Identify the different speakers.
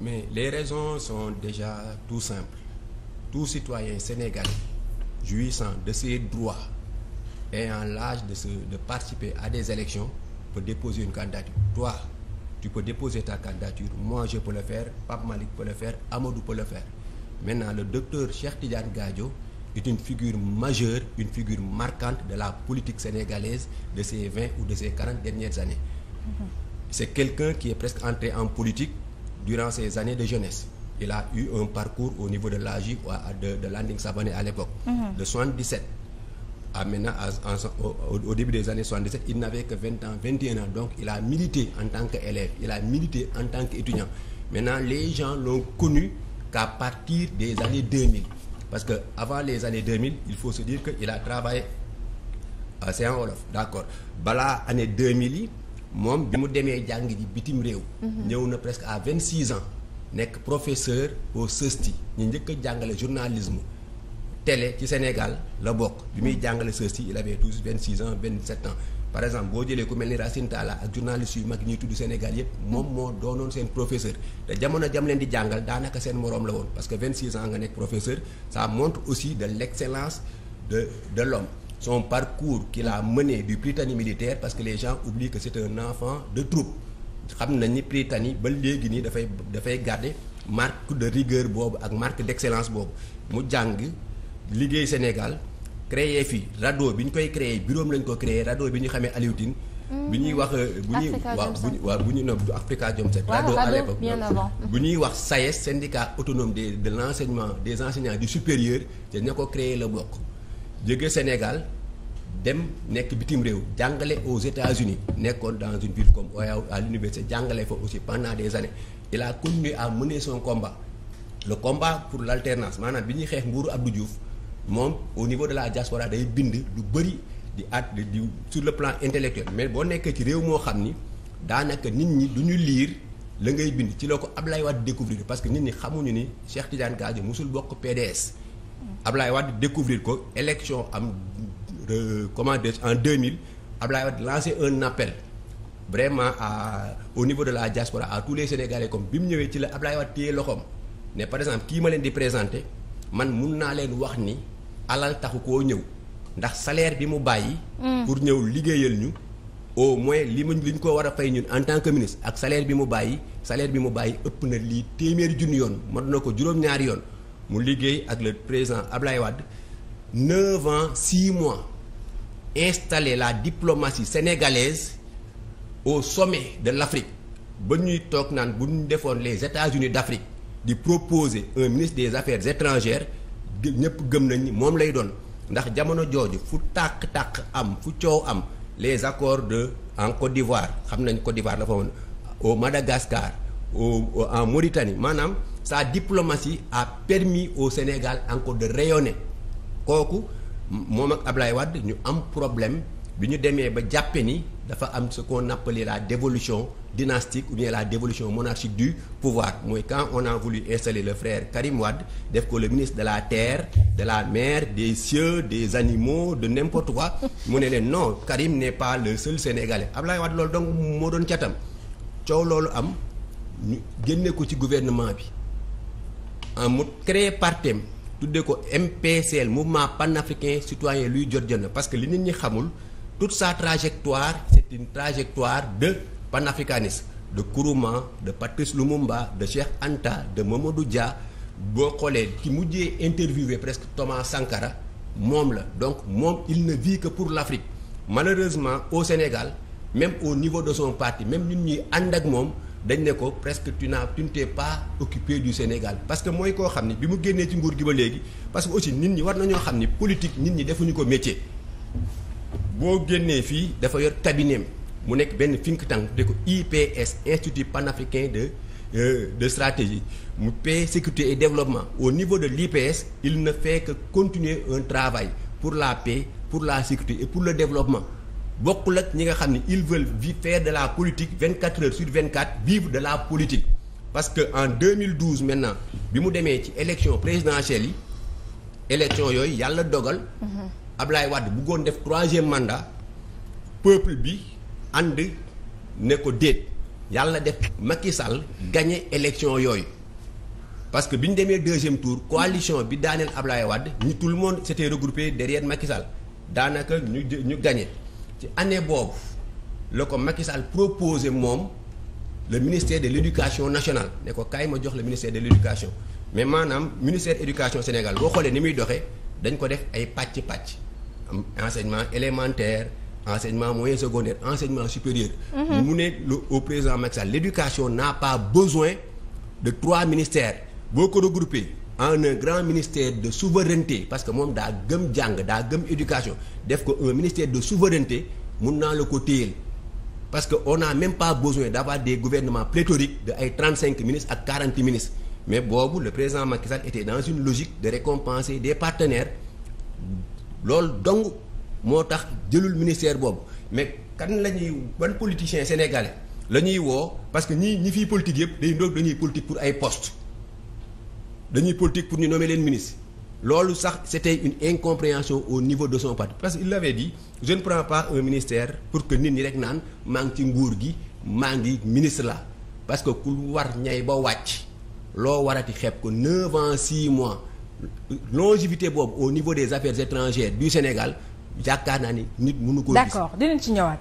Speaker 1: mais les raisons sont déjà tout simples tout citoyen sénégalais jouissant de ses droits et en l'âge de se de participer à des élections peut déposer une candidature toi tu peux déposer ta candidature moi je peux le faire Pape Malick peut le faire Amadou peut le faire maintenant le docteur Cheikh Tidiane Gadio est une figure majeure une figure marquante de la politique sénégalaise de ces vingt ou de ces quarante dernières années mm -hmm. c'est quelqu'un qui est presque entré en politique durant ses années de jeunesse il a eu un parcours au niveau de l'AJ de de Landing Savané à l'époque mm -hmm. de 77 à maintenant à, à, au, au début des années 77 il n'avait que 20 ans 21 ans donc il a milité en tant qu'élève il a milité en tant qu'étudiant maintenant les gens l'ont connu qu'à partir des années 2000 parce que avant les années 2000 il faut se dire que il a travaillé ah, c'est en d'accord balaa année 2000 yi moom bi mu demee jàng ji bitim réew. ñëw na presque à vingt six ans nekk professeur au CESTI ñu njëkk a jàngale journalisme télé ci Sénégal la bokk. bi muy jàngale CESTI il avait tous vingt six ans vingt sept ans par exemple boo jëlee ku mel ni Racine Talla ak journaliste yu mag ñuy tudd Sénégal yépp moom moo doonoon seen professeur te jamono jam leen di jàngal daanaka seen moroom la woon parce que vingt six ans nga nekk professeur ça montre aussi de de de l'homme son parcours qu'il a mené du Prytanée militaire parce que les gens oublient que c'est un de troupe xam nañ ni Prytanée ba léegi nii dafay dafay garder marque de rigueur boobu ak marque d'excellence boobu mu jàng liggéey Sénégal créer fi rado bi ñu koy créer bureau lañ ko créé rado bi ñu xamee Aliou Tine
Speaker 2: mm-hmm. ñuy wax euh, bu ñuy waaw bu
Speaker 1: waaw bu ñuy no Africa Jom Set rado à l'époque bu ñuy wax SAES e syndicat autonome des de l'enseignement des enseignants du supérieur te ña ko créé la bokk jege Sénégal dem nekk bitim réew jàngale aux États-Unis nekkoon dans une ville comme Ohio à l'université jàngale fa aussi pendant des années il a continué à mener son combat le combat pour l'alternance maanaam bi ñuy xeex nguuru Abdou Diouf moom au niveau de la diaspora day bind lu bëri di at di sur le plan intellectuel mais boo nekkee ci réew moo xam ni daanaka nit ñi du ñu lire la ngay bind ci la ko Ablaye Wade découvrir parce que nit ñi xamuñu ni Cheikh Tidiane Gadio musul bokk PDS Ablaye Wade découvrir ko élection am comment dire en 2000 Ablaye Wade lancé un appel vraiment à au niveau de la diaspora à tous les Sénégalais comme bi mu ñëwee ci la Ablaye Wade téye loxoom ne par exemple kii ma leen di présenter man mun naa leen wax ni alal taxu koo ñëw ndax salaire bi mu bàyyi. Mm. pour ñëw liggéeyal ñu. au moins li mu li ñu ko war a fay ñun en tant que ak salaire bi mu bàyyi salaire bi mu bàyyi ëpp na lii téeméeri junni yoon mën ko juróom yoon. mu liggéey ak le président Ablaye Wade neuf ans six mois installer la diplomatie sénégalaise au sommet de l'Afrique ba ñuy toog naan bu ñu defoon les États-Unis d'Afrique di proposer un ministre des affaires étrangères ñëpp gëm nañ ni moom lay doon ndax jamono jooju fu tàkk-tàkk am fu coow am les accords de en Côte d'Ivoire xam nañ Côte d'Ivoire la fa woon au Madagascar au en Mauritanie maanaam sa diplomatie a permis au Sénégal encore de rayonner kooku moom ak Ablaye Wade ñu am problème bi ñu demee ba jàppe ni dafa am ce qu'on appelait la dévolution dynastique ou bien la dévolution monarchique du pouvoir mooy quand on a voulu installer le frère Karim Wade def ko le ministre de la terre de la mer des cieux des animaux de n'importe quoi mu ne leen non Karim n'est pas le seul Sénégalais Ablaye Wade loolu donc moo doon catam coow loolu am ñu génne ko ci gouvernement bi mu créé partem tuddee ko MPCL mouvement panafricain citoyen luy jot jot na parce que li nit ñi xamul toute sa trajectoire c'est une trajectoire de panafricanisme de Kourouma de Patrice Lumumba de Cheikh Anta de Mamadou Dia boo xoolee ki mujjee interviewé presque Thomas Sankara moom la donc moom il na vit que pour l'Afrique malheureusement au Sénégal même au niveau de son parti même ñun ñuy ànd ak moom dañ ne ko presque tu n'as tu ne t'es pas occupé du Sénégal parce que mooy koo xam ni bi mu génnee ci nguur gi ba léegi parce que aussi nit ñi war nañoo xam ni politique nit ñi defuñu ko métier boo génnee fii dafa yor cabinet mu nekk benn think tank de ko IPS Institut panafricain de euh, de stratégie mu paix sécurité développement au niveau de l'IPS il na fait que continuer un travail pour la paix pour la sécurité pour le développement bokkul ak ñi nga xam ne ils veulent faire de la politique 24 heures sur 24 vivre de la politique parce que en 2012 maintenant bi mu demee ci élection présidentielle yi élection yooyu yàlla dogal mhm. Ablaye wadd bëggoon def troisième mandat peuple bi ànd ne ko déet yàlla def Macky Sall gagné élection yooyu parce que bi ñu demee deuxième tour coalition bi daaneel Ablaye Wade ñu tout le monde s'était regroupé derrière makisal daanaka ñu ñu gagné ci année boobu la ko Macky Sall moom le ministère de l' éducation nationale ne ko kaay ma jox le ministère de l' mais maanaam ministère éducation Sénégal boo xoolee ni muy doxee dañ ko def ay pàcc pàcc enseignement élémentaire enseignement moyen secondaire enseignement supérieur. Mhm. mu ne au président Macky Sall l' éducation n'a pas besoin de trois ministères boo ko regroupé. en un grand ministère de souveraineté parce que moom daa gëm jàng daa gëm éducation def ko un ministère de souveraineté mun naa la ko téyel parce que on n'a même pas besoin d'avoir des gouvernements pléthoriques de ay trente cinq ministres ak quarante ministres mais boobu le président Macky Sall était dans une logique de récompenser des partenaire loolu dong moo tax jëlul ministère boobu mais kan la ñuy ban politicien sénégalais la ñuy woo parce que ñii ñi fiy politique yëpp day ndoog dañuy politique pour ay postes dañuy politique pour ñu nommer leen ministre loolu sax c'était une incompréhension au niveau de son parti parce que il l'avait dit je ne prends pas ministère pour que nit ñi rek naan maa ngi ci nguur gi maa ngi ministre la parce que ku war ñay ba wàcc loo warati xeeb ko neuf ans mois longévité boobu au niveau des affaires étrangères du Sénégal yaakaar naa ni nit mënu ko. d'accord dinañ ci ñëwaat.